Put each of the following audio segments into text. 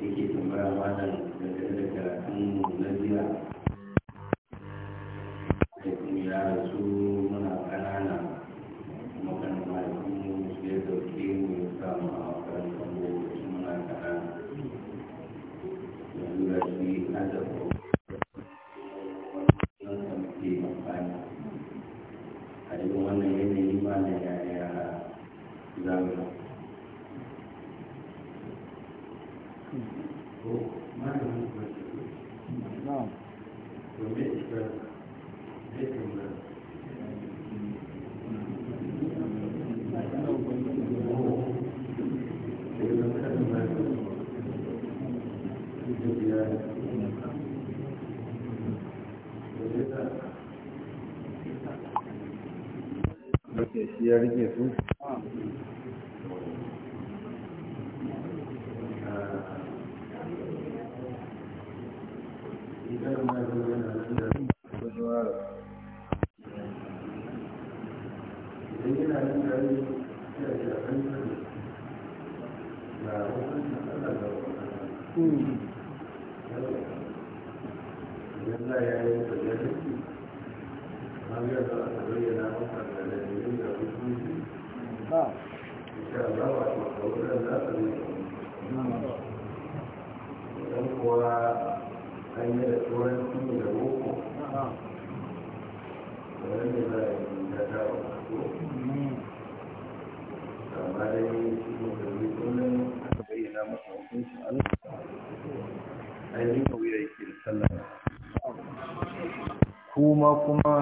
yake tambaya mana da karatun mu na jiya ya rike su kuma kuma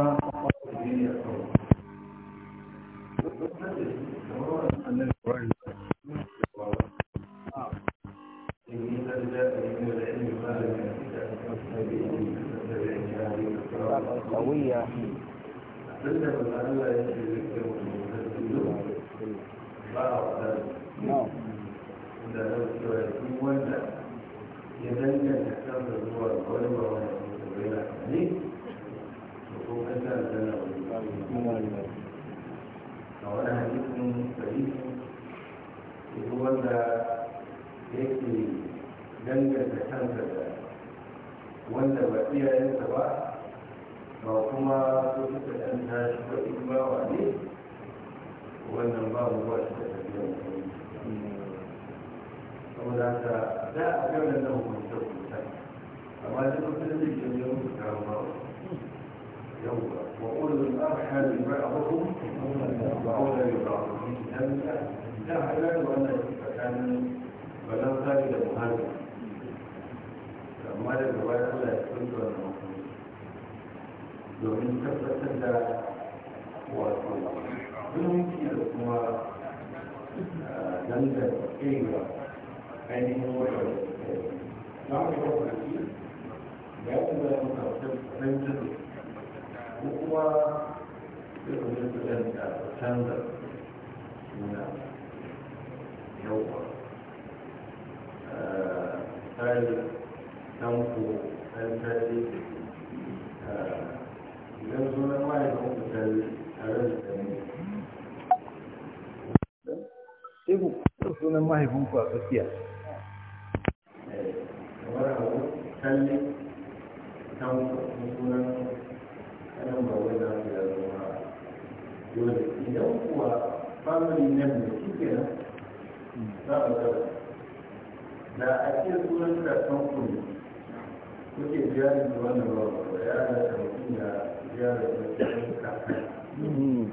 wanda ba iyayensa ba ba kuma su suka ɗan tashi ba in ba wa ne wannan ba mu ba shi da tafiya saboda haka da a ga nan hukunta hukunta amma da kuma da zai yi yau ka ba yau ba wa ulul arham ba'dhum ba'dha yu'adhu dan da da halar wannan tsakanin balan sai da muhajir amma daga baya Allah ya kunta wannan domin tabbatar da wato zumunci da kuma ah, dangar kewa ainihin wata da suka yi na wata da ko kuma canza suna tanko an tare ah, idan sunan ma'aikatan ku tare a ran da ne sai ku kuma sunan mahaifinku a tsakiya eh, kamar abu talle tanko sunan kanan ba wani za su yanzu ma dole idan kuwa family na mutu kenan za a zara da a ce sunan da tanko ne suke ziyarar da wannan ba ya da mutum ya ziyarar da suka ba za su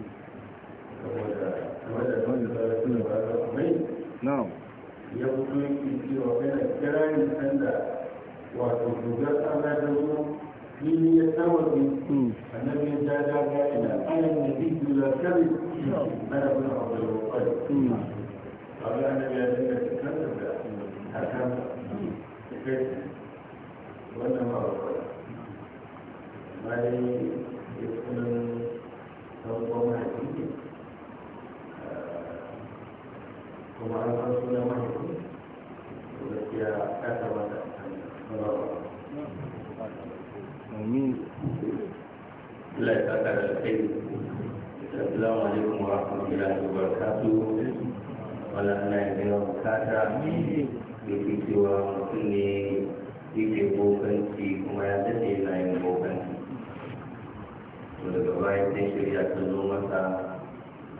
ya fito yake cewa yana kirani sanda wato dugar da ruwa fili ya tawazi hmm. annabi ya ja da ga ina ana ne bi dula kabi ana bin abu da wani hmm. a ga annabi ya dinga cikin da hakan kai wannan ba ba bayan ya sunan ɗanɓon eh, kuma an san sunan mahaifi to gaskiya ya kamata da ba ba Amin. Allah da alkhairi. Assalamu alaikum wa rahmatullahi wa barakatuh. Wala Allah ya biya bukata. Yake cewa mutum ne yake bokanci kuma ya daɗe yana yin bokanci to daga bayan sai shirya ta zo masa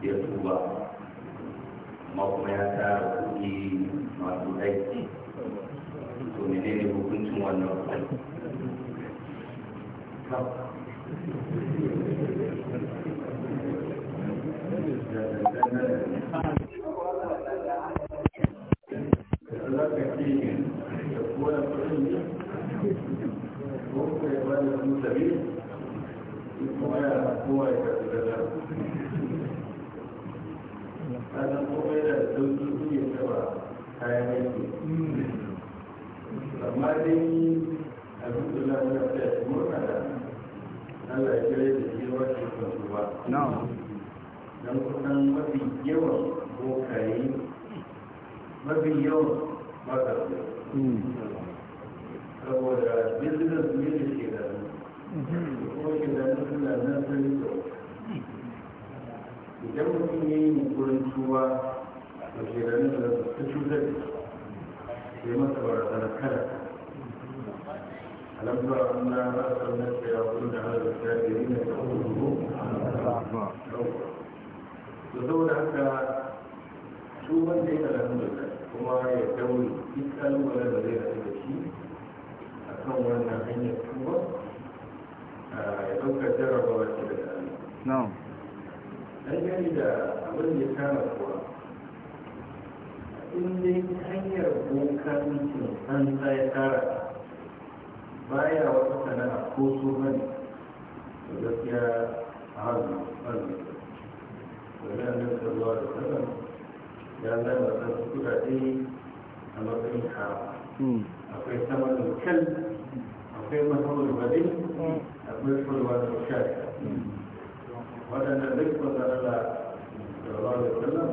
ya tuba amma kuma ya tara kuɗi masu aiki to menene hukuncin wannan Thank you. sabi kuma yana kowa ya karfi da zara sannan kuma yana da sauki su ya taba kayan aiki amma dai alhamdulillah muna tsaya shi murna da Allah ya kira da shi ruwa shi kan su ba don kusan mafi yawan idan mutum ya yi mukurin tuwa da shekaru da ta cutar da ya masa barazanar kada alamta na rasar na tsaya kun da hada da ya yi na kawo zuwa da saboda haka tuban da ya kalamu da kuma ya dauri duk kalmalar da zai haɗu da shi a kan wannan hanyar tuba ya ɗaukar jarabawa ce daga Na An gani da abin da ya kama kuwa, in dai hanyar bokancin an tsaye tara baya wata sana'a ko so bane da gaskiya a hannu hannu. Wani an da zuwa da sanar ya zama san kuɗaɗe a matsayin hawa. Hmm. Akwai samar da akwai mahimmin wani akwai kulwa da shafi waɗanda duk wanda Allah da Allah da Allah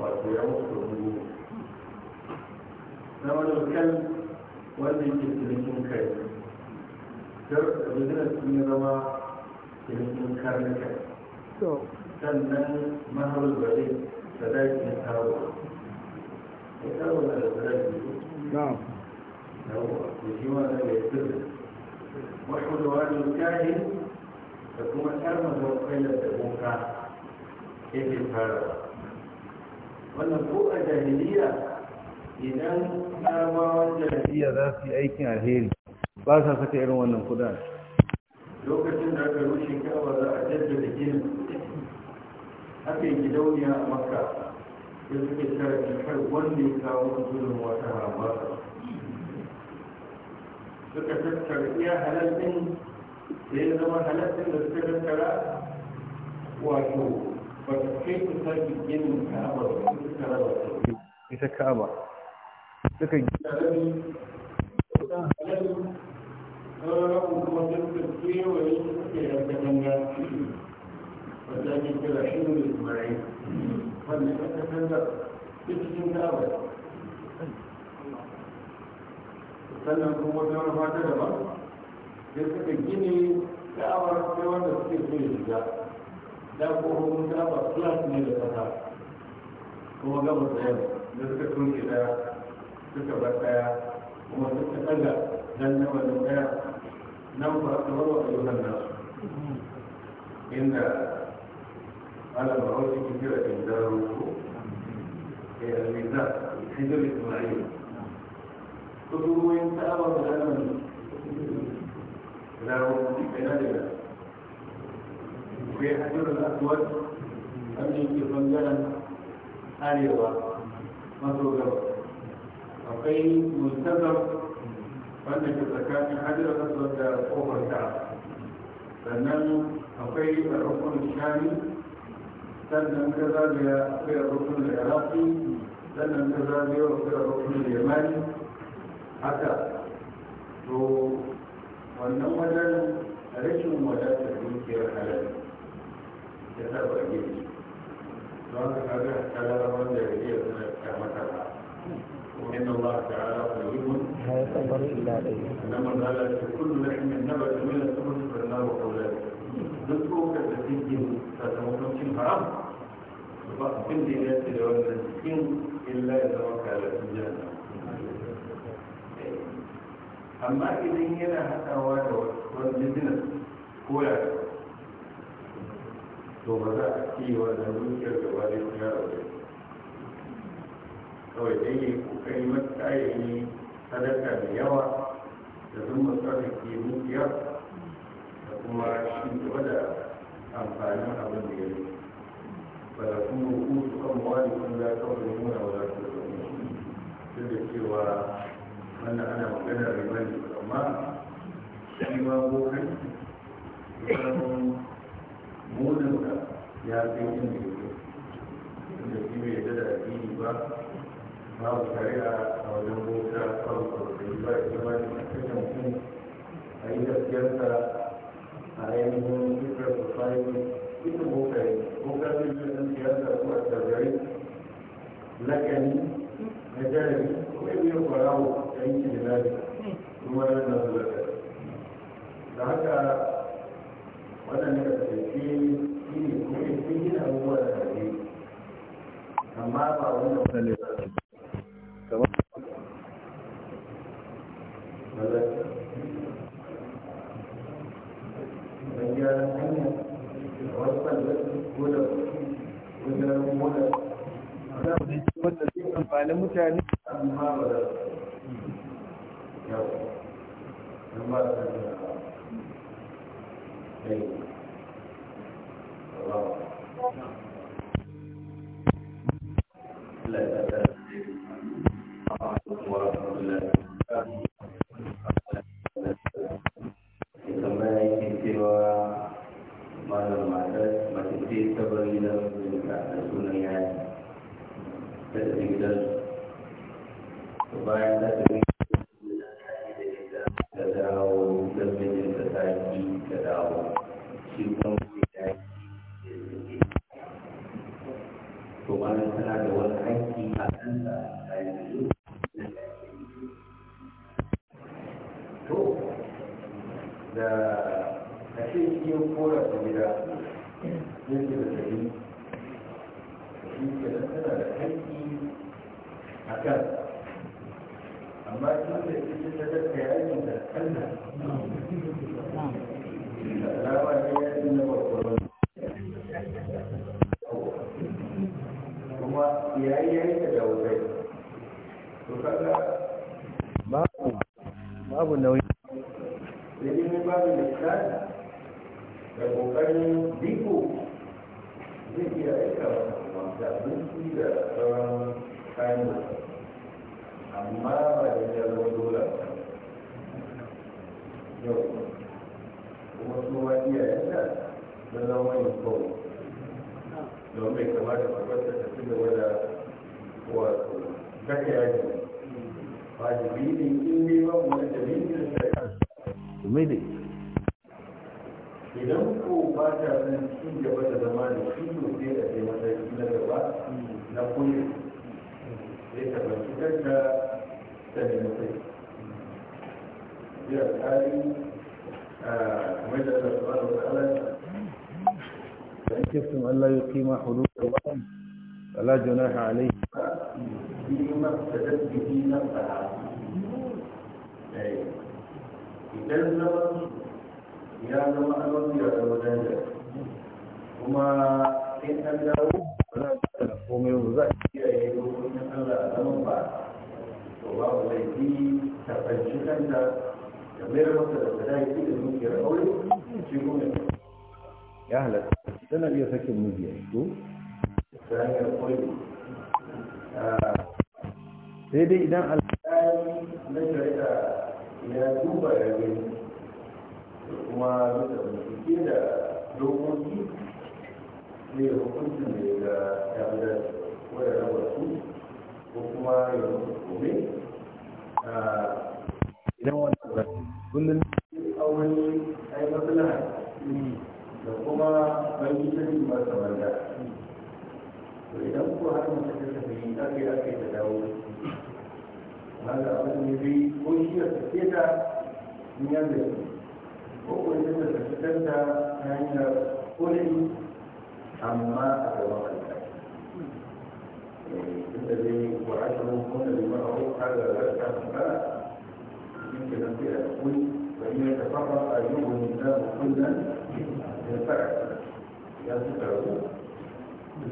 wato ya mutu rubu na wani kan wanda yake cinikin kai dar business sun zama cinikin karnuka sannan mahal bari sadaki na kawo ya kawo na da sadaki وحلوان الكاهن تكون أرمز wannan ko a jahiliya idan za su yi aikin alheri ba sa saka irin wannan kudan lokacin da aka rushe kawa za a jaddada ginin aka yi gidauniya a makka da suke tara kar wanda ya kawo gudun wata haramata suka tattara iya halalin da ya zama halalin da suka tattara wato ba su kai su sake ginin ka'aba ba su tattara ba ita ka'aba suka gina rami kusan halalin sauran kuma suka kewaye suka yanka ganga wanda ake kira shi ne marai wanda aka canza cikin ka'aba sannan kuma wata manufa ta daban da suka gini da'awar sai wanda suke so ya shiga da kofofin da'awar class ne da kasa kuma gabas da yau da suka tunke daya suka bar daya kuma suka ɗaga dan na wajen daya nan ba su warwa ayyukan nasu inda ala ba jira kira da daro ko ya almiza hijir ismail kudurorin ta'aba da ranar ranar yana da yana akwai hajjar al'aduwar wanda yake bangaren arewa maso gaba akwai musamman wanda ke tsakanin hajjar al'aduwar da kofar ta sannan akwai rukun shani sannan ka zagaya akwai rukun iraki sannan ka zagaya akwai rukun yamani haka to wannan wajen rashin wadatar dukiyar halal ta saba gini don ka kaga talara wanda ya iya suna kyamata ba وإن الله تعالى طيب لا يقبل إلا به إنما قال كل لحم نبت من الثمن فالنار أولاده نذكرك تسجيل فتمكن حرام فأقبل إلى تلوان السكين إلا إذا وكالت الجنة amma idan yana haɗawa da wani business ko ya to ba za a ce wa da dukiyar gaba da ya rabu kawai dai ya kokari matsayi ne sadaka da yawa da zuma ke dukiya da kuma shi gaba da amfanin abin da ya yi ba da kuma hukutu kan mawani kun za ka wani nuna wa za ka da cewa wannan ana magana riba ne amma shi ma bokan kusan munin da ya fi yin da yake inda shi bai yadda da addini ba babu tare a wajen bota babu kwakwai ba ya ba da kashe mutum a yi tafiyarsa a yayin ainihin fitar society ita bokaye bokaye ne zai na siyasa ko a tsargari lakani na jarabi zai iya kwarawo yanki da nari kuma yana zuwa da haka waɗanda da ke shi ne kuma sun yi abubuwa da kare amma ba wani wasanne ba kamar Thank you. za mu yi wanda zai amfani mutane amma ba da yau ba da Allah ya tsara da shi. Allah ya tsara da shi. don zaman ya zama alamu ya zama danja kuma in an dawo za a da komai za a kiyaye dokokin allah a zaman ba to ba ku laifi ta fanci kanta da mayar masa da sadaki da dukiyar aure shi kuma ya halatta tana iya sakin mijiya to ta hanyar koyi ah. sai dai idan alƙali na shari'a ya duba ya gani da kuma bisa bincike da dokoki ne da hukuncin da ya ga ya da raba su ko kuma ya mutu kome ah, idan wani kullum auren ai maslaha da kuma banki sani ba kamar da idan ko har mutum ta ake ake da dawo وهذا أقول لي أشي فكيدا من يدك وقل إذا فكتنت يعني قولي عما أتوقع الذي إيه، وعشروا كنا بمعروف هذا لا تعمل يمكن أن تكون وإن يتفرق أيوه النساء كلا ينفع ينفعه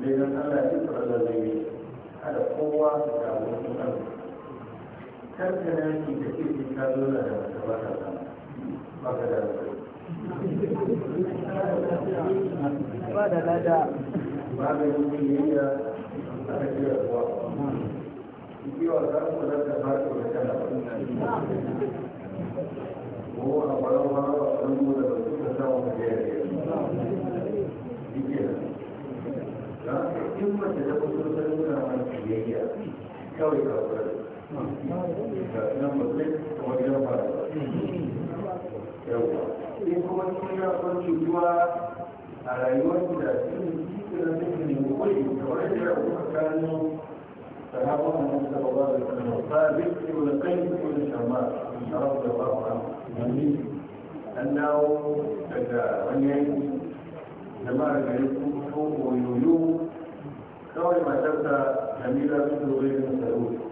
لأن الله يسر الذي على القوة تعود الأمر kar ka dace da ke sai ka zo da ba ka ba ka da ba da lada ba da yi da a ka jira kuwa ba za mu da ba ka da kana ko a bayan bayan wani mu da ba su ka samu ka jira ne da in mace da kusurtar nuna mana da kawai ka kura in kuma cikin yakon cutuwa a rayuwar da cikin cikin cikin ne kuri kamar da ya kuma kano sahabon annabi sallallahu alaihi wasallam sabit ibn qayyim ibn shamma radiyallahu anhu an dawo daga wani yanki jama'ar gari ko oyoyo kawai matarsa jamila bin zubair bin sarauta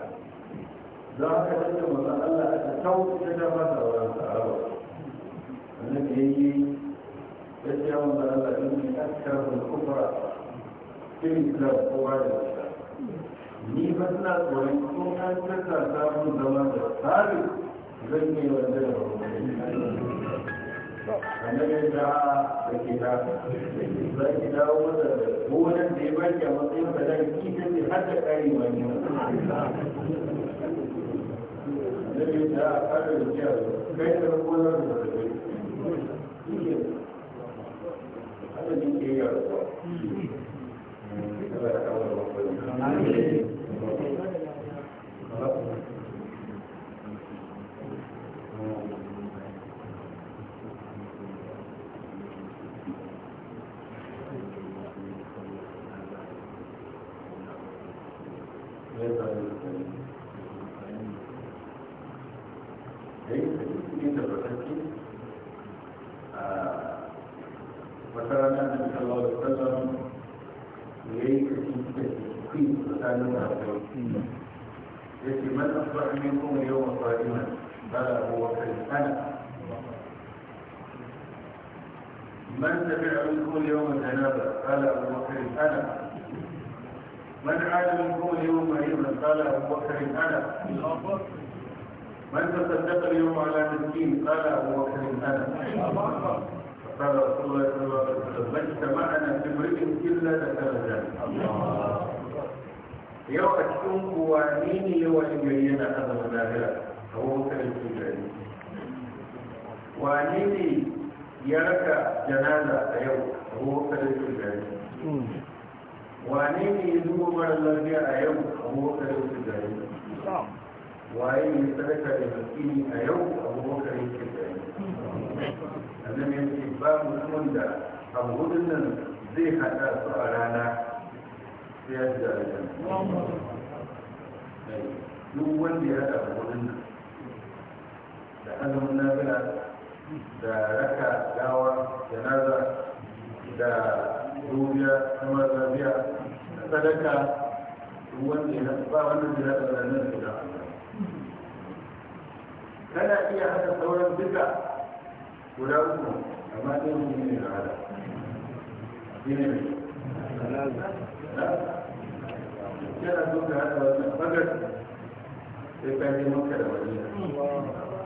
a haka cikin masu Allah aka tau ta ta wa wurin tsarawa wannan da yi ya ce yawon da Allah ɗin ne a cikin kufra irin da ba da wata ni ba suna tsoron ko an kasa samun zama da tsari zan yi wanda da annabi da da ke da za ki dawo masa da gonan da ya baki a matsayin sadaki ta ce har da ƙari wani annabi ya fara da jiya kai da da ya عاد منكم اليوم قال ابو بكر انا من عاد منكم اليوم مريضا قال ابو بكر انا من تصدق اليوم على مسكين قال ابو بكر انا قال رسول الله صلى الله عليه وسلم ما اجتمعنا في امرئ الا ذكر ذلك yau a cikin kuwa ni ne wani gari yana azama lahira ya raka janaza a yau abubakar yusuf gari wane ne ya zuba mara lafiya a yau abubakar yusuf gari waye ne sadaka da miskini a yau a yusuf gari annabi ya ce ba mutumin da abu hudun nan zai hada su a rana sai ya ji duk wanda ya hada abu hudun nan da azumin nafila إذا لك دعوة جنازة إذا دوجة ثم تربيع فلك هو أنه يحفظ أنه لا تبدأ النبي لا فلا هي هذا الثورة بك ولا أكون أما أنه من العالم من لا كان دوجة هذا فقط يبقى لي مكة الوزيرة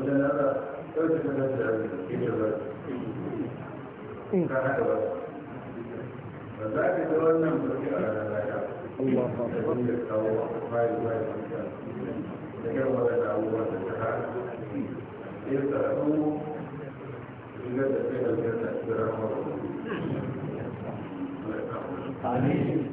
wajen nasa ɗauki ta nan da yake ba da ba da ta da da ta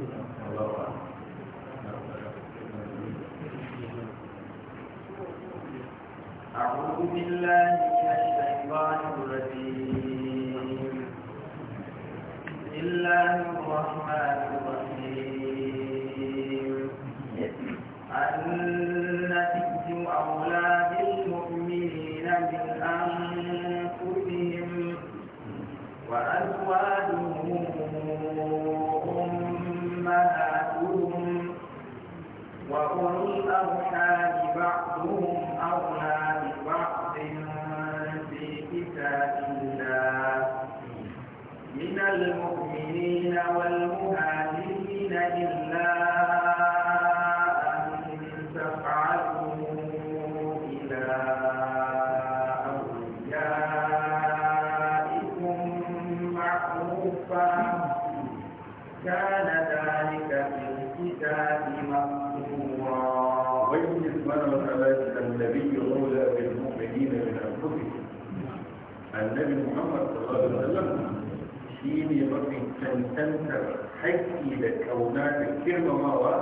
girmamawa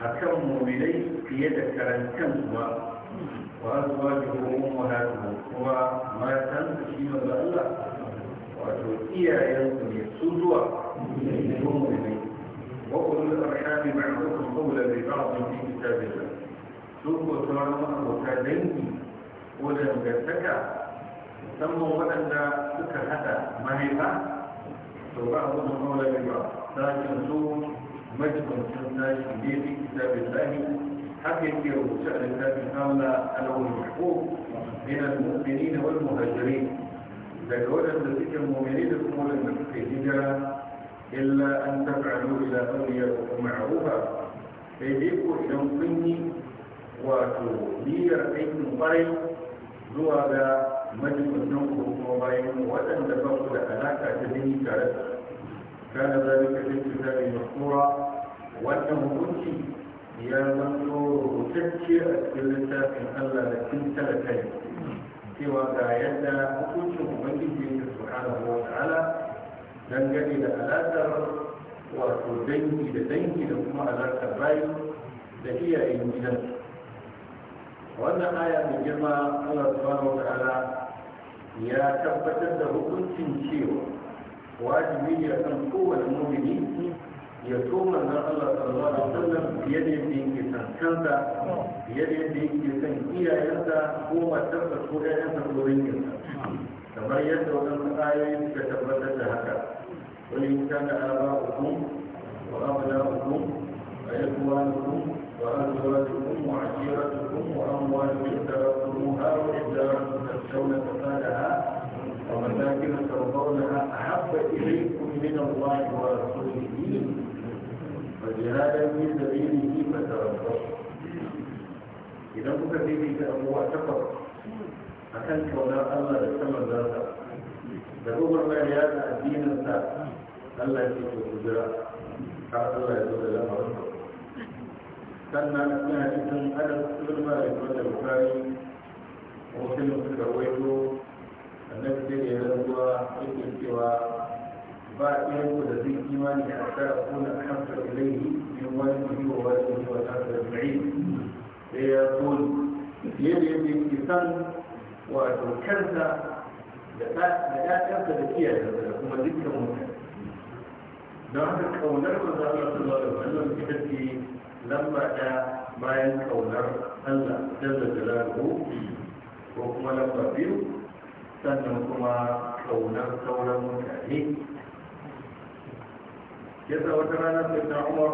a kan muminai fiye da karantan zuwa wa zuwa da kuma muhatu kuma matan su shi manzo Allah wato iyayen su ne su zuwa ne muminai wa kullu ba a qawla bi ba'd fi kitabillah su ko sauran abota dangi ko dangantaka musamman waɗanda suka hada mahaifa to ba su da mawla bi ba za su مجمع الناس في كتاب الله حقق يوسع الكتاب أنه المحبوب من المؤمنين والمهاجرين إذا ولد ذلك المؤمنين تقول انك في الهجرة إلا أن تفعلوا إلى أولياءكم معروفا فيجيبوا إلى مقيمي وتولير أيكم قري zuwa ga majalisun ku kuma bayan waɗanda ba su كان ذلك في الكتاب tare wannan hukunci ya zanto rubutacce a cikin littafin Allah da kin tara kai cewa ga yadda hukuncin ubangiji yake subhanahu wa ta'ala dangane da alaƙar wato dangi da dangi da kuma alaƙar bayi da iyayen gidan wannan aya mai girma Allah subhanahu wa ta'ala ya tabbatar da hukuncin cewa wajibi ne akan kowane mumini ya so manzan Allah sallallahu alaihi wasallam fiye da yadda yake san kansa fiye da yadda yake san iyayensa ko matarsa ko ƴaƴansa ko danginsa kamar yadda wadansu ayoyi suka tabbatar da haka wani in kana aba'ukum wa abna'ukum wa ikhwanukum wa azwajukum wa ashiratukum wa amwalun taraftumuha wa ijaratu tashawna fasadaha ومساكن ترضونها أحب إليكم من الله ورسوله fajiradar yi da yi ne yi ba ta rabu idan kuka fi ta abuwa takwas a kan kyaunar allah da sama za ta da kuma mai ya ta addinin ta allah ke ko kujira ta allah ya zo da lamar ta sannan yana cikin adam sun ba da kuma da bukari kuma suka waito a nan sai da yanzuwa cikin cewa ba ɗayan da zai imani da aka kuna a hamsa ilaihi min wani muhi wa wani muhi wa ta da zai da ya yadda wato da da kuma don haka kaunar manzo Allah sallallahu alaihi wasallam ita ce lamba ɗaya bayan kaunar Allah jalla jalaluhu ko kuma lamba biyu sannan kuma kaunar sauran mutane yasa wata rana sai na umar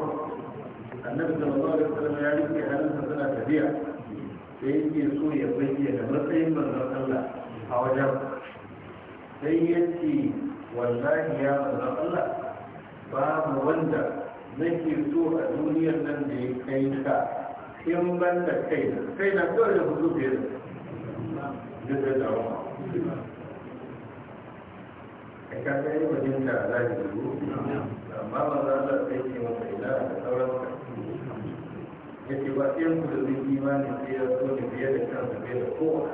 annabi sallallahu alaihi wasallam ya rike hannunsa suna tafiya sai yake so ya bayyana matsayin manzon Allah a wajen sai yace wallahi ya manzon Allah babu wanda nake so a duniyar nan da ya kai ka in ban da kai kai na kawai da hudu biyar da da da wa ka kai wajen da zai yi amma ba za ta sai ce masa ila da sauran ka ya ce ba ɗayan ku da zai imani sai ya so ne fiye da kansa fiye da kowa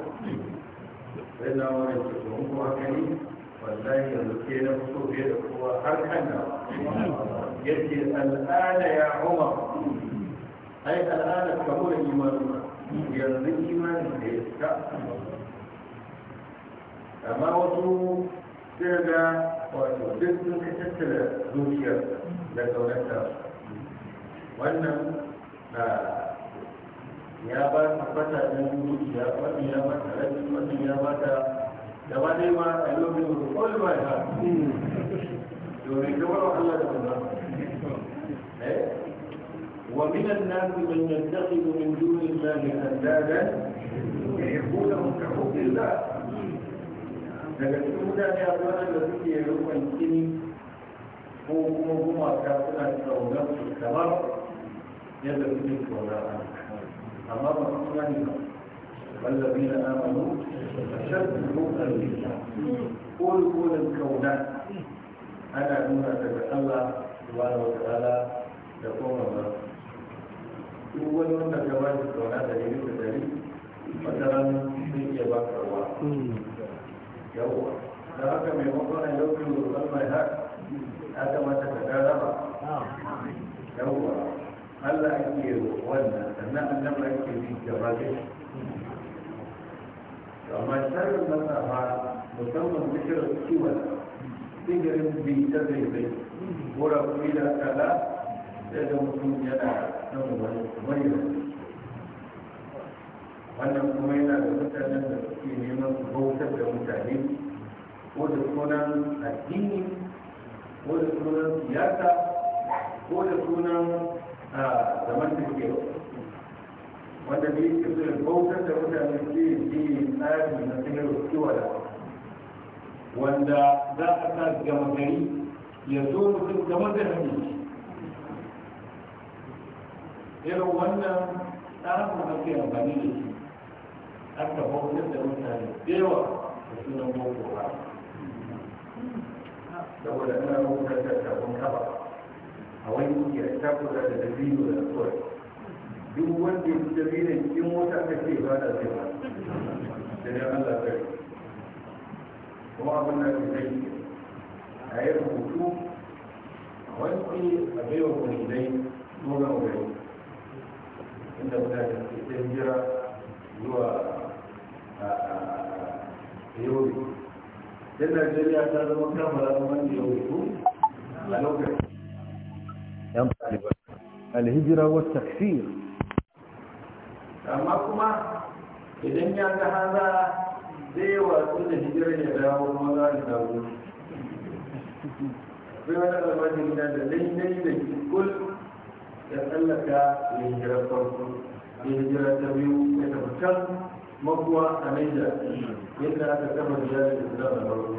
sai na wani ce ko haka ne wallahi yanzu ke na fito fiye da kowa har kan da ya ce al'ada ya umar ai al'ada kamar imanin yanzu imanin da ya sa amma wasu sai ga wato duk sun ka tattala zuciyar da kaunarta wannan na ya ba ta fata ɗin zuciya wannan ya ba ta rabi wannan ya ba ta da ba dai ma a lokacin all my heart domin kamar Allah da Allah ومن الناس من يتخذ من دون الله اندادا يحبونهم كحب الله daga cikin mutane a wannan da suke rukun ko kuma gumaka suna tsoron su kamar yadda suke tsoron amma ba su ne ba والذين آمنوا أشد حبا لله قول قول الكونان أنا نونا الله سبحانه وتعالى يقوم الله duk wani wanda ka ba shi kauna da ne da dare wata ranar sun iya ba ruwa yawwa da haka mai makon a yau kin roƙon mai haka ya kamata ka gara ba yawwa Allah ake wannan sannan annabi ake bi gaba da amma sharrin masafa musamman bishiyar kiwon sigirin bi ta zai zai ko rakuri da kala sai da mutum yana nan wani wani wannan kuma yana da mutanen da suke neman su bautar da mutane ko da sunan addini ko da sunan siyasa ko da sunan zaman da ke wanda bai ke so bautar da mutane ke yi tsari na sayar kiwala wanda za a sa gama gari ya zo mutum gama da hannu irin wannan tsarin da ke amfani da shi aka bautar da mutane yawa da sunan boko ba saboda na rubuta da sabon kaba a wani kungiyar ta kula da dabino da kawai duk wanda ya fi dabino cikin mota ta ce ba da zai ba da ne an kai kuma abin da ke zai a yi rubutu a wani a baiwa kunidai nuna wuri inda mutane ke jira zuwa yau da najeriya ta zama kamar da yau a lokacin yan ɗalibar alhijira wa tafsir amma kuma idan ya ga haza zai wasu da hijirar ya dawo kuma za a dawo akwai wani almaji na da lainai da kikul ya tsallaka ya hijirar farko ya hijirar ta biyu ya tafi can makuwa a da, yadda aka kama jihar islam da farko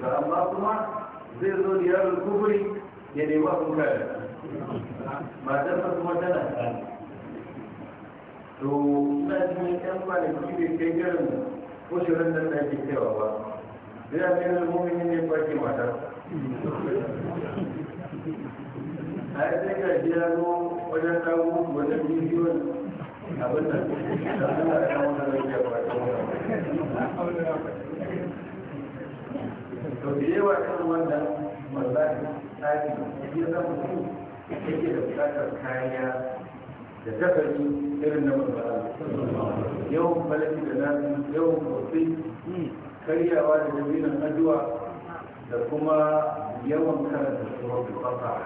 ga amma kuma zai zo ziyarar kuburi ya nemi abin kare matar sa kuma tana to ina cikin yan kwanaki bai kai garin kushirin da ke cewa ba zai a kai mummuni ne farki matar a yi sai ga jiya zo wajen dawo wajen bidiyon to da yawa kan wannan mallaki tsari ya zama su yake da da tafari irin na mallaka yawan falaki da nasu yawan kwafi karyawa da dabinan aduwa da kuma yawan karanta surat al-fatiha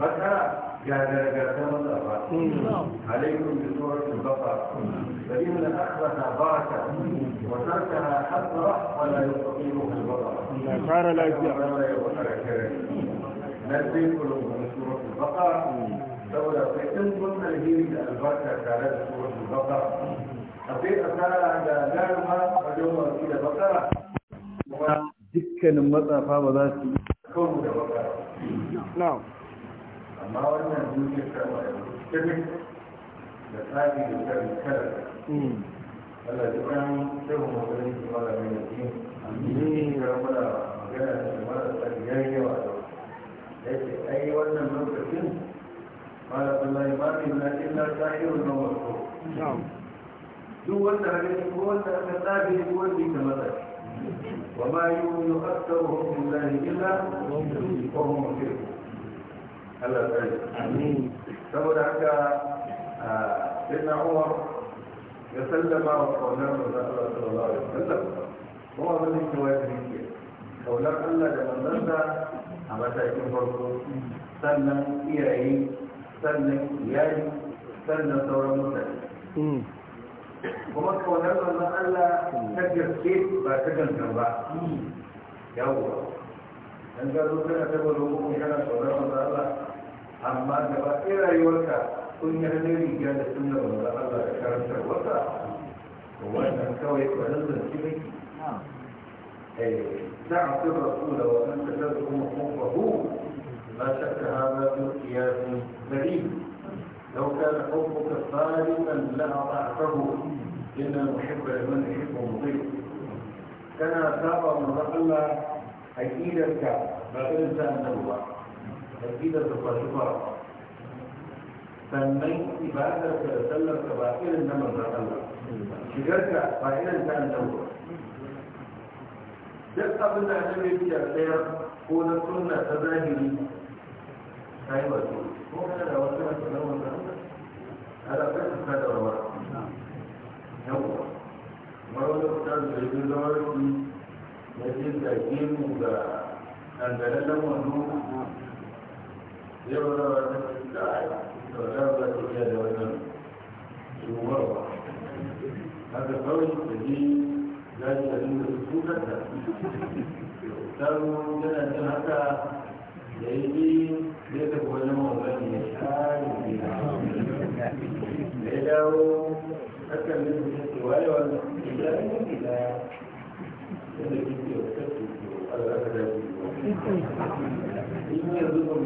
bakara الله عليكم بسورة البقرة فإن أخذها بركة وتركها حتى فلا يستطيعها البقرة صار لا لدي قلوب من سورة البقرة دولة فإن قلنا لديه البركة تعالى سورة البقرة أبي أسأل عند دارها فجوة إلى بقرة dukkanin matsafa ba za su yi kawo نعم amma wannan duniya ta ba da cikin da tsari da tsari kada hmm. Allah ya kan shehu maganin ki mala mai yaki amin ya mala magana da mala tsari yayi yawa da yake ai wannan lokacin mala billahi ma min la illa sahirun wa mawdu duk wanda haka ko wanda aka tsabi ko wanda ya mata وما يؤمن أكثرهم بالله إلا وهم مشركون Allah tsari amin saboda haka sai na Umar ya sallama wa kaunar manzon Allah sallallahu alaihi wasallam kuma abin da ke wajibi ke kaunar Allah da manzansa a matakin farko sannan iyaye sannan iyali sannan sauran mutane kuma kaunar manzon Allah ta gaske ba ta gangan ba yawwa an gado kana ta gwada kuma kana kaunar manzon Allah amma gaba ɗaya rayuwarka sun yi hannun riga da sun da manzan Allah da karantar wata wannan kawai kwanan zance miki دعت الرسول وأنت تدعو حبه لا شك هذا في قياس دليل لو كان حبك صادقا لأطعته إن المحب لمن يحب مضيء كان سابع من الله أكيدك بغير أن الله aƙidar da kwashi fara sannan ibadar ka da sallar ka ba irin na manzan Allah shigar ka ba irin ta annan ba duk abin da annabi ya fiya tsayar ko na sunna ta zahiri ta yi wato ko kana da wata mace na manzan Allah ala ka ta da rawa yawa kamar wani kudan da ya zama rufi na jin da gemu ga dangalallen wando yau da wata da wata da tafiya da wannan shugabarwa haka kawai da ji za da nuna su kanta tsarin yana jin haka da yi bi zai tafi wajen mawazani ya shari da ya dawo hakan da su ce waye wannan idan yi ne da yadda kike wata ce ko alaƙa da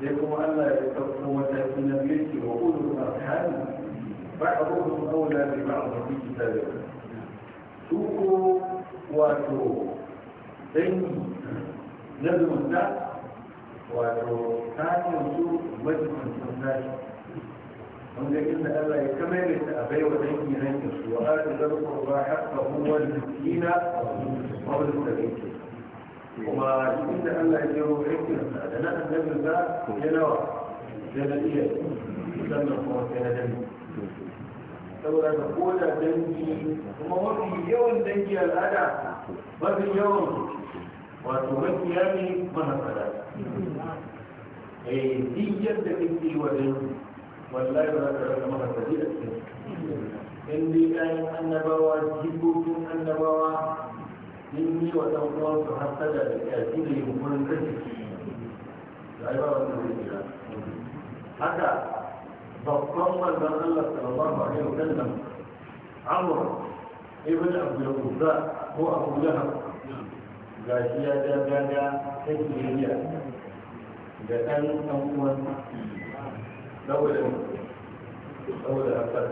sai kuma Allah ya ɗauko mataki na biyu ce wa ulul arham ba'dhum awla bi ba'd fi kitabillah su ko wato dangi na zumunta wato tashin su majalisun sun tashi wanda inda Allah ya kame da ta abai wa dangi rankin su wa aka zarfa kuma inda Allah ya jero aikinsa da na annabin sa ya nawa da na iya sannan kuma sai na dangi saboda ka koda dangi kuma mafi yawan dangi al'ada mafi yawan wato mafi yami mahasada eh duk yadda kake wa dangi wallahi ba za ka rasa mahasadi a cikin in dai kayan annabawa jikokin annabawa إني وأن الله حتى يأتيني من كذب العبارة النبيلة حتى ضبطنا المنزل صلى الله عليه وسلم عمر ابن أبو الوفاء هو أبو لهب لا زيادة لا تجريبية لأن أول دولة دولة أفضل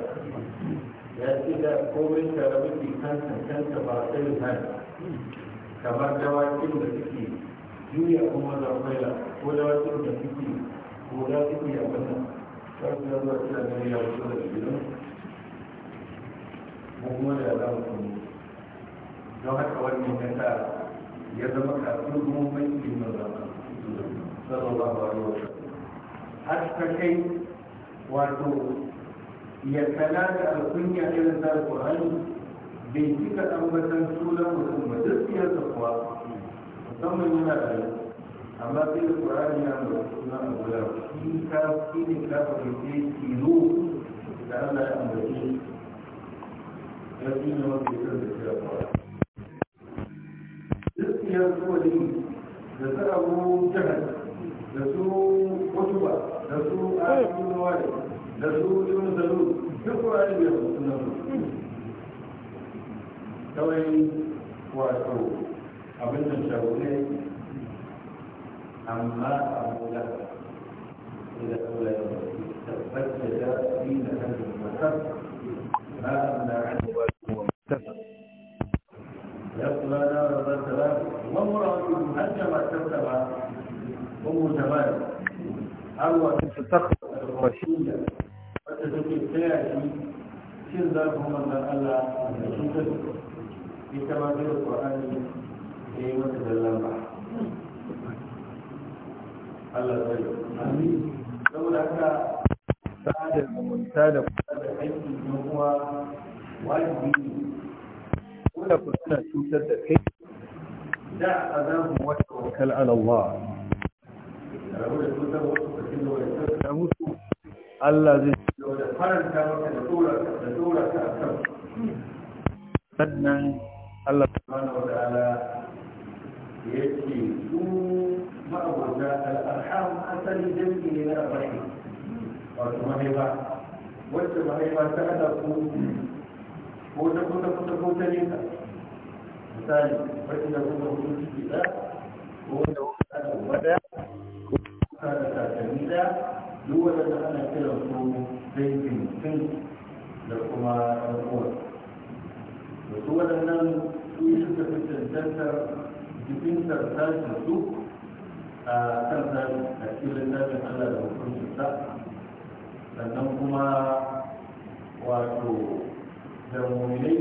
يأتي ذا قومي كربتي كانت كانت بعثين هذا kamar dawakin da suke juya kuma da kwaya ko dawakin da suke ko da suke a wannan sarki da zuwa cikin ya wuce da jirgin ko kuma da za mu kuma don haka wani ya ta ya zama kafin kuma mai kimar zama sallallahu alaihi wa sallam har ta kai wato ya kana da alkunya irin da alkurani bai cika ambatan sunan mutum ba duk siyarsa kuwa musamman yana da amma sai da ƙwararri ya mai suna a guda shi ka shi ne ka fahimce kilo da allah ya ambace ya fi ne mafi kan da kira kuwa duk siyarsa kuwa ne da su abu jihar da su kutuba da su a da su ibn zalur duk ƙwararri ya mai suna mutum saurayi wato abin da shaure amma a mula da saurayi tabbatar da dina kan matar ma amna an wa matar يصلى نار ذات لهب وامرأته هجمت أم جمال أو تتقوى الوشية وتتكي التاعي شير ذلك هم أن الله أن ita ma zai da ƙwararri ya yi mata dallan ba Allah zai saboda haka sa'ada da kuma aiki na kuma wajibi ne ku suna cutar da kai da a zamu wata wakal da cutar Allah zai da faranta maka da a kan sannan Allah subhanahu wata'ala ya ce su ma'abuta al'arham asali jirgi ne na rahim wato mahaifa wacce mahaifa ta hada ku ko ta kusa kusa ko ta nesa misali wacce da kusa kusa ciki da ko wanda kusa da uba daya ko kusa da kakanni daya duk wanda ana kiran su dangin sun da kuma ɗan to waɗannan su yi suka fi cancantar jikintar tashin su a kan tashin a cikin littafin allah da hukuncin sa sannan kuma wato da muminai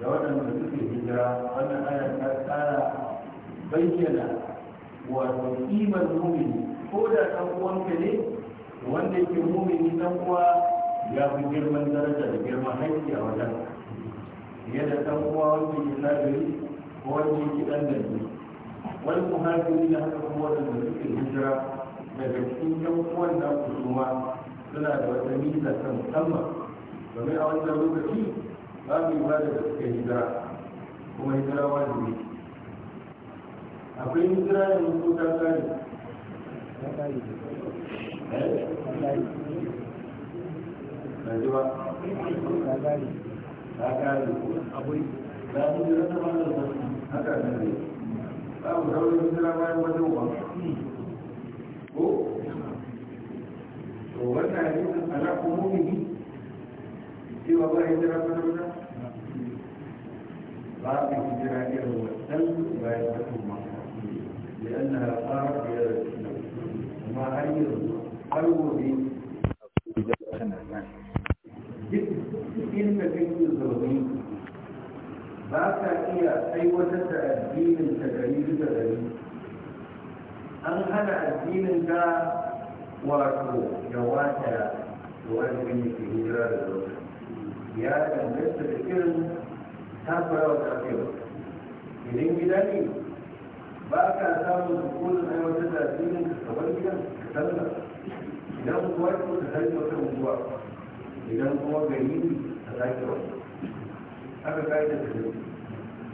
da waɗanda suke hijira wannan ana ta tsara bayyana wato kimar mumini ko da ɗan uwanka ne wanda yake mumini ɗan uwa ya fi girman daraja da girman haƙƙi a wajen fiye da ɗan uwa wanda ke nagari ko wanda ke ɗan dangi wani muhajiri na haka kuma waɗanda suke hijira daga cikin yan uwan da ku suma suna da wata nisa ta musamman domin a wannan lokaci ba mu ba da suke hijira kuma hijira wajibi akwai hijira da mutu ta kare na eh? ji ba ta kare akwai da mu da ta fara da haka ne kira bayan wajen ba ko to wannan hadisin ala umumi cewa ba hijira ba da ba ba hijira irin wannan bayan wajen ba لأنها قارب إلى الإسلام a غير قلبه في جسد inda kake zaune ba ka iya aiwatar da addinin ta gari da gari an hana addinin ka wato ya wata wani ne ke hijira da zaune ya danganta da irin takurawa da ake idan gida ne ba ka samun sukunin aiwatar da addinin ka kamar gidan ka sallah idan kuwa ka sallah wata unguwa idan kuma gari ne sake wani haka da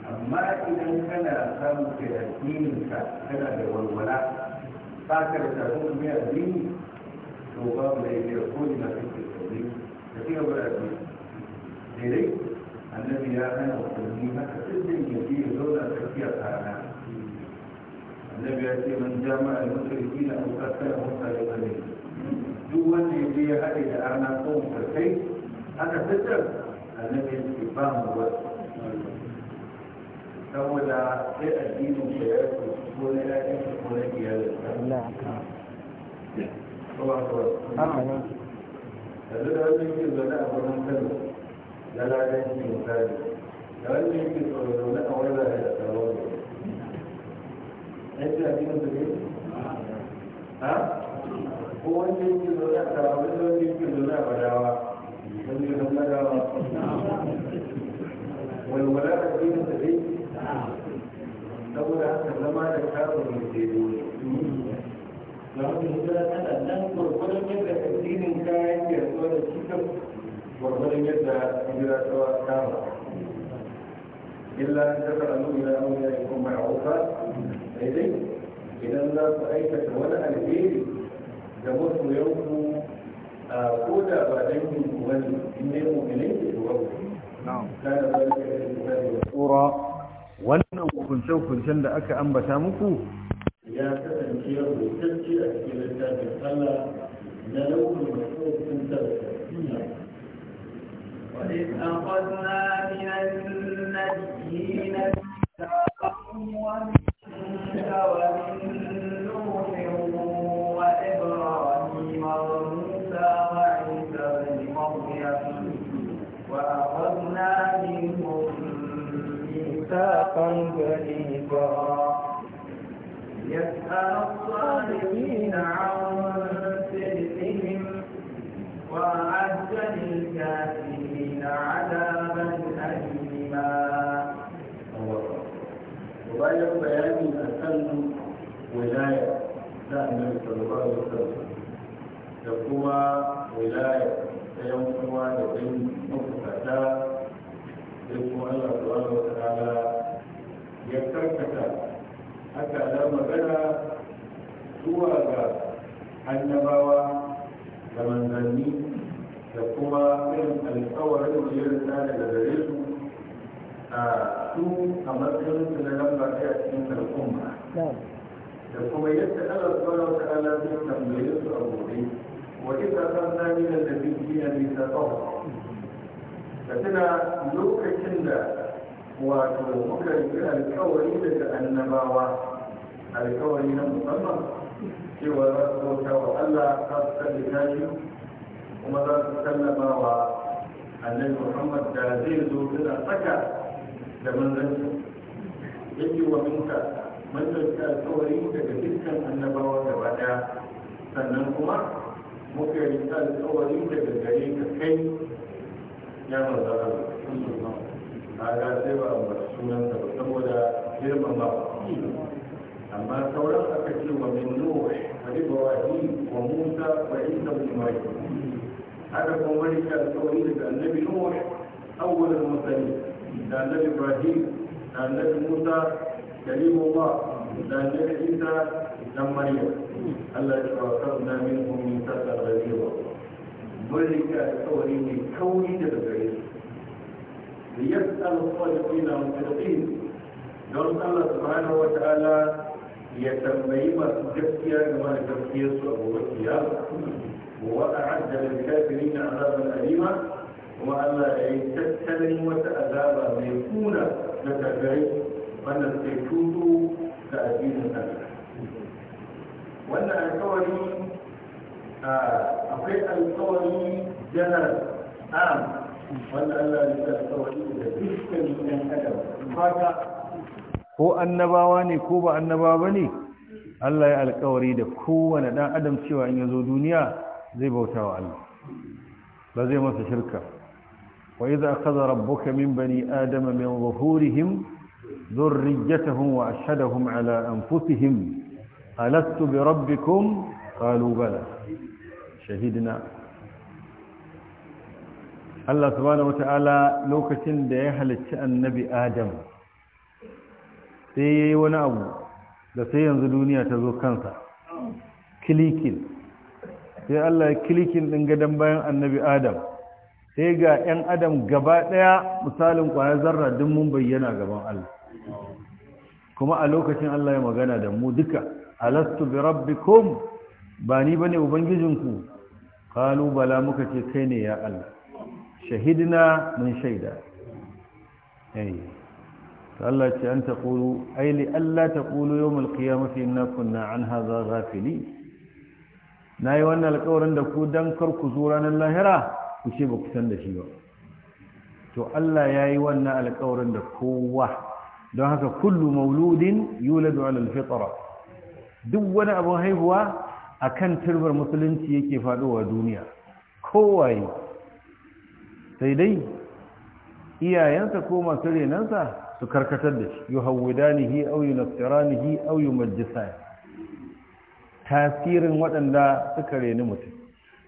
amma idan kana samun ka da dininka kana da walwala ba ka da kuma ya dini to babu da ya ko ni na da tsaye da kira wa rabi dai annabi ya hana wa kulli haka sai ya ya zauna tafiya tsara annabi ya ce man jama'a al-mushrikeena aw qatala hum fa yaqulu duk wanda ya je ya haɗe da arna ko mutarkai aka fitar a ya ce ba mu wasu saboda sai addinin da ya kusa ko na yakin ko na iyalin yanzu da wani yake zaune a wurin kano na ladan shi misali da wani yake zaune a wurin zaune a tsaro ne yake a cikin su ne ha ko wanda yake zaune a tsaro ne wanda zaune a badawa والولاء الدين الذي أولا لما ذكروا المسلمون لهم هجرة أنا ننظر ولم يبدأ الدين كائن يسوى الكتب ولم يبدأ هجرة كاملة إلا أن تفعلوا إلى أوليائكم معروفا إذن إذا لا رأيت ولا الدين دمرت يوم a ko da ba dangin ku bane in dai mu ne ke duwa na'am da wannan hukunce hukuncen da aka ambata muku ya kasance rubutacce a cikin littafin Allah na lauƙin mafi tarbiyyar وإذ أخذنا من النبيين ومنك ومن ميثاقا غليظا يسأل الصالحين عن سرهم وأعد للكافرين عذابا أليما وبعد بيان أسن ولاية لا النبي صلى الله عليه وسلم da ولاية wilaya ta yankuwa da sai kuma Allah subhanahu wa ta'ala ya karkata aka da magana zuwa ga annabawa da manzanni da kuma irin alkawarin da ya rinta daga gare su a su a matsayin su na lamba ɗaya cikin al'umma da kuma yadda Allah subhanahu wa ta'ala zai tambaye su a gobe wa idza qadna min al-nabiyyi an yatafahu ka tuna lokacin da wato muka yi alkawari daga annabawa alkawari na musamman cewa za su bauta wa Allah za su tallata shi kuma za su sallama wa annabi Muhammad da zai zo tana tsaka da manzanci yake wa minka mun ɗauki alkawari daga dukkan annabawa gaba ɗaya sannan kuma muka yi alkawari daga gare ka kai ya manzo Allah kaga sai ba a bar sunan ba saboda girman ba amma sauran aka ce wa min nuh wa ibrahim wa musa wa isa ibn maryam haka kuma wani kan sauri daga annabi nuh awwal al-mursalin da annabi ibrahim da annabi musa kalimullah da annabi isa dan maryam Allah ya tsawata na min minhum min da rabiwa mun rika sauri ne kauri daga gare الله na المصدقين don Allah subhanahu wa ta'ala ya tambayi masu gaskiya game da gaskiyar su a gobe kiyama wa alima kuma Allah ya yi tattalin wata azaba mai kuna na kafirai wanda suke tutu addinin Allah wannan alkawari akwai alkawari janar am ko annabawa ne ko ba annabawa bane Allah ya alkawari da kowane dan adam cewa in yazo duniya zai bauta wa Allah ba zai masa shirka wa idza akhadha rabbuka min bani adama min zuhurihim dhurriyyatahum wa ashhadahum ala anfusihim alastu bi rabbikum qalu bala shahidna Allah subhanahu wata'ala lokacin da ya halicci annabi Adam sai ya yi wani abu da sai yanzu duniya ta zo kansa kilikin sai Allah ya kilikin ɗin gadon bayan annabi Adam sai ga 'yan Adam gaba ɗaya misalin kwaya zarra duk mun bayyana gaban Allah kuma a lokacin Allah ya magana da mu duka alastu bi rabbikum ba ni bane ubangijinku kalu bala muka ce kai ne ya Allah shahidina mun shaida eh. Allah ce an taqulu ay li alla taqulu yawm al-qiyamati inna kunna an hadha ghafili nayi wannan alƙawarin da ku dan kar ku zo ranar lahira ku ce ba ku san da shi ba to Allah yayi wannan alƙawarin da kowa don haka kullu mauludin yuladu ala al-fitra duk wani abun haihuwa akan turbar musulunci yake faɗowa duniya kowaye sai dai iyayensa ko masu renansa su karkatar da shi yi hawudanihi au yi hi, au yi majisa tasirin waɗanda suka reni mutum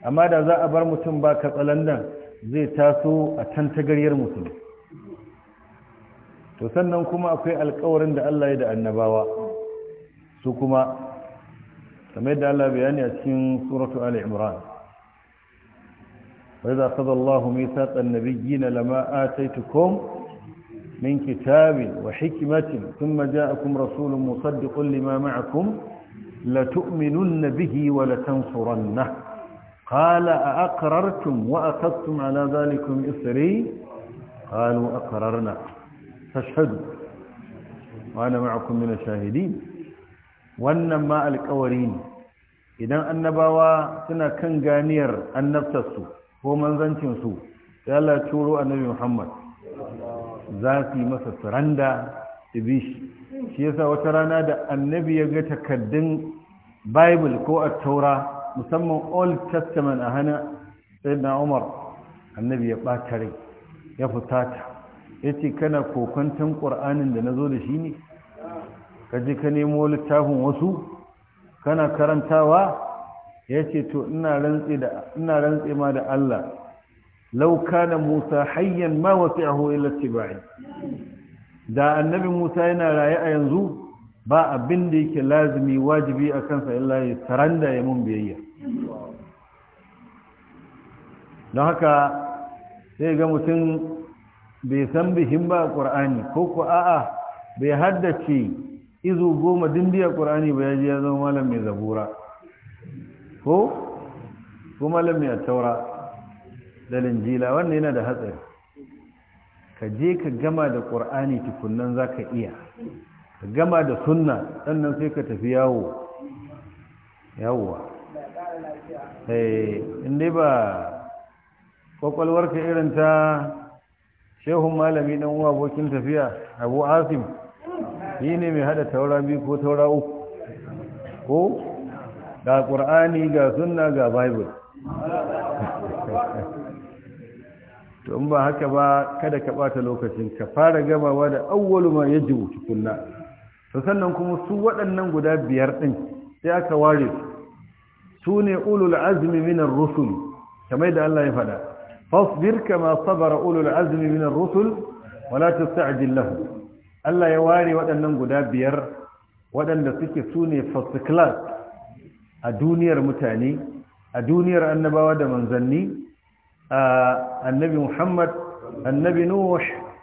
amma da za a bar mutum ba katsalandan zai taso a tantagaryar mutum to sannan kuma akwai alkawarin da Allah ya da annabawa su kuma kamar da Allah bayani a cikin suratu Ali Imran وإذا أخذ الله ميثاق النبيين لما آتيتكم من كتاب وحكمة ثم جاءكم رسول مصدق لما معكم لتؤمنن به ولتنصرنه قال أأقررتم وأخذتم على ذلكم إسري قالوا أقررنا فاشهدوا وأنا معكم من الشاهدين وأنما الكورين إذا النبوة سنة كان غانير النفس السوء ko manzancinsu ya Allah turo annabi Muhammad za su yi masa suranda su shi yasa wata rana da annabi ya ga takaddun bible ko a taura musamman old testament a hana sayyidina umar annabi ya ɓata rai ya fusata ya ce kana kokwantan ƙur'anin da na zo da shi ne ka je ka nemo littafin wasu kana karantawa ya ce to ina rantse ma da Allah lauka da musa hayyan ma wasu aho ilattiba'i da annabi musa yana raye a yanzu ba abin da yake lazimi wajibi a kansa illa ya saranda ya mun biyayya don haka sai ga mutum bai san bihin ba a ƙur'ani ko ku a'a bai haddace izo goma dindiya ƙur'ani ba ya ji ya zama malam mai zabura ko kuma a taura da linjila wannan yana da hatsari ka je ka gama da ƙur'ani tukunnan za ka iya ka gama da sunna sannan sai ka tafi yawo yawowa eh, inda ba ka irin ta shehun malami ɗan uwa abokin tafiya abu asim yi ne mai haɗa taura biyu ko taura uku ko ga ƙur'ani ga sunna ga bible to in ba haka ba kada ka bata lokacin ka fara gamawa da awwalu ma yajibu tukunna to sannan kuma su waɗannan guda biyar ɗin sai aka ware su ne ulul azmi minar rusul kamar da Allah ya faɗa fasbir kama sabara ulul azmi minar rusul wala tasta'jil lahu Allah ya ware waɗannan guda biyar waɗanda suke su ne first class a duniyar mutane a duniyar annabawa da manzanni annabi muhammad annabi nuh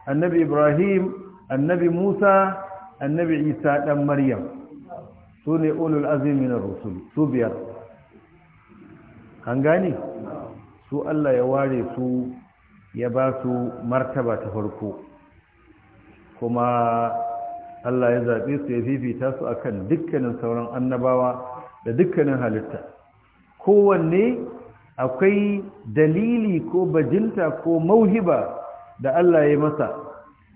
annabi ibrahim annabi musa annabi isa dan maryam su ne ulul azumi rusul su biyar an gane su allah ya ware su ya ba su martaba ta farko kuma allah ya zaɓe su ya fifita su akan dukkanin sauran annabawa da dukkanin halitta kowanne akwai dalili ko bajinta ko mauhiba da Allah ya masa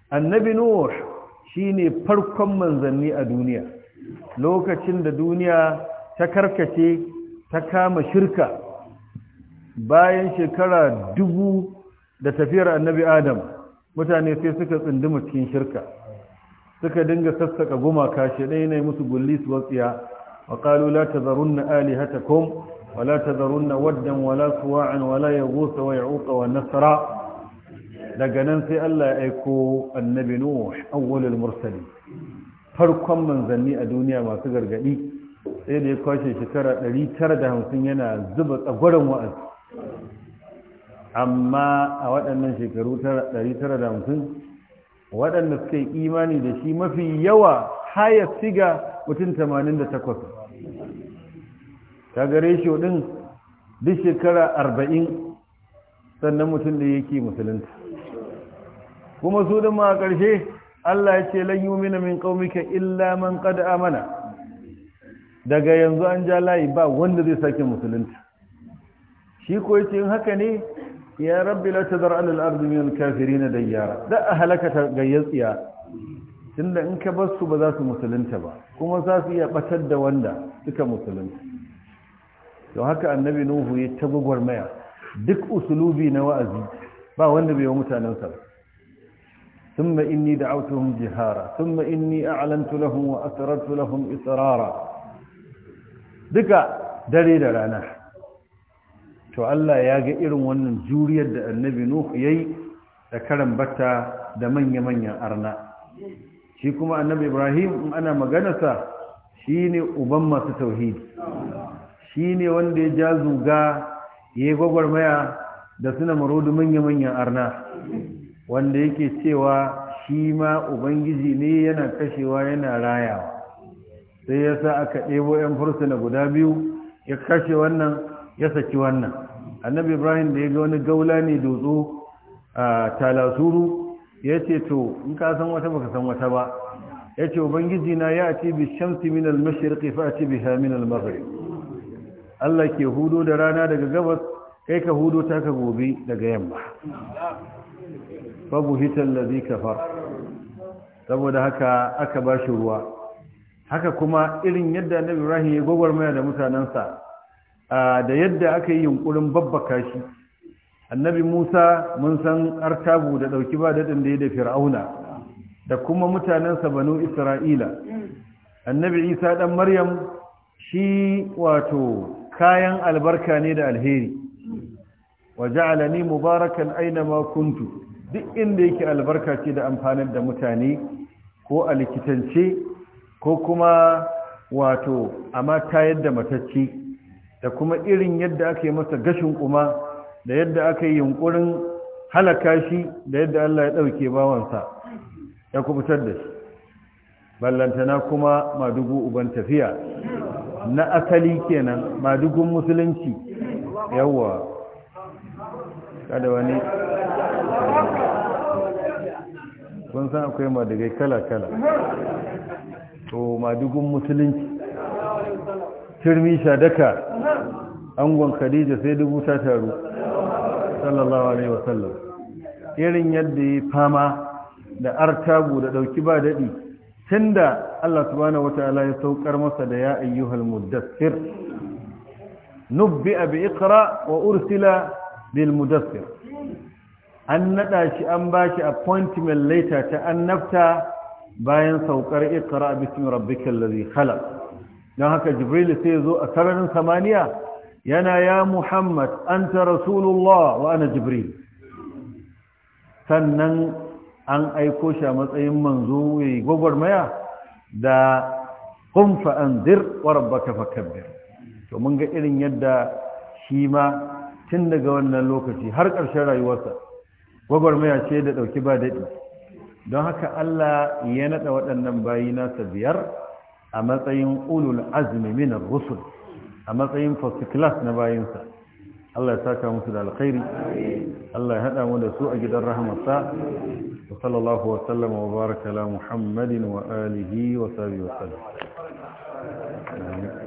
annabi shi ne farkon manzanni a duniya lokacin da duniya ta karkace ta kama shirka bayan shekara dubu da tafiyar annabi adam mutane sai suka tsinduma cikin shirka suka dinga sassaka gumaka shi ɗaya ne musu gulli su watsiya وقالوا لا تذرن آلهتكم ولا تذرن ودا ولا سواعا ولا يغوث ويعوق ونسرا لجننسي ألا أيكو النبي نوح أول المرسلين farkon manzanni a duniya masu gargadi sai da ya kwashe shekara 950 yana zuba tsagwarin wa'azi amma a waɗannan shekaru 950 waɗanda suka yi imani da shi mafi yawa haya siga mutum 88 ta gare shi din duk shekara 40 sannan mutum da yake musulunta kuma su da ma ƙarshe Allah ya ce lan yumina min qaumika illa man qad amana daga yanzu an ja layi ba wanda zai sake musulunta shi ko yace in haka ne ya rabbi la tadar al ardi min al kafirin dayyara da halaka ta gayyatsiya tunda in ka bar su ba za su musulunta ba kuma za su iya batar da wanda suka musulunta don haka annabi nuhu ya ta gwagwarmaya duk usulubi na wa'azi ba wanda bai wa mutanensa ثم إني دعوتهم جهارا ثم إني wa لهم وأسررت لهم duka dare da درانا to Allah ya ga irin wannan juriyar da annabi Nuhu yayi da karan da manya-manyan arna shi kuma annabi ibrahim in ana maganarsa shi ne uban masu tauhidi shi ne wanda ya ja zuga ya yi gwagwarmaya da suna marudu manya-manyan arna wanda yake cewa shi ma ubangiji ne yana kashewa yana rayawa sai ya sa aka ɗebo 'yan fursuna guda biyu ya kashe wannan ya saki wannan annabi ibrahim da ya ga wani gaula ne dutso a talasuru ya ce to in ka san wata baka san wata ba ya ce ubangiji na ya ce bi shamsi min al-mashriqi fa ati biha min al-maghrib Allah ke hudo da rana daga gabas kai ka hudo ta ka gobe daga yamma babu hitar ladhi kafar saboda haka aka ba shi ruwa haka kuma irin yadda Nabi Ibrahim ya gwagwarmaya da mutanansa da yadda aka yi yunkurin babbaka shi annabi musa mun san artabu da ɗauki ba daɗin da ya da fir'auna da kuma mutanensa banu isra'ila annabi isa ɗan maryam shi wato kayan albarka ne da alheri wa ja'alani mubarakan aina ma kuntu duk inda yake albarka ce da amfanin da mutane ko a likitance ko kuma wato a ma da matacci da kuma irin yadda aka masa gashin kuma da yadda aka yi yunkurin halaka shi da yadda Allah ya ɗauke bawansa ya kubutar da shi ballantana kuma madugu uban tafiya na asali kenan madugun musulunci yawwa kada wani kun san akwai madugai kala-kala to madugun musulunci turmi shadaka angon khadija sai dubu ta taru sallallahu alaihi wasallam irin yadda ya fama da artabu da dauki ba dadi tunda Allah subhanahu wataala ya saukar masa da ya ayyuhal muddathir nubbi'a bi iqra wa ursila bil mudaththir an nada shi an bashi appointment later ta annabta bayan saukar iqra bismi rabbikal ladhi khalaq dan haka jibril sai zo a sararin samaniya yana ya muhammad anta rasulullah wa ana jibril sannan an aiko shi a matsayin manzo yi gwagwarmaya da qum fa anzir wa rabbaka fakabbir to mun ga irin yadda shi ma tun daga wannan lokaci har ƙarshen rayuwarsa gwagwarmaya ce da ɗauki ba daɗi don haka Allah ya naɗa waɗannan bayi nasa biyar a matsayin ulul azmi minar rusul a matsayin first class na bayansa Allah ya saka musu da alkhairi Allah ya hada mu da su a gidan rahamarsa wa sallallahu wa sallama wa baraka ala muhammadin wa alihi wa sahbihi wa sallam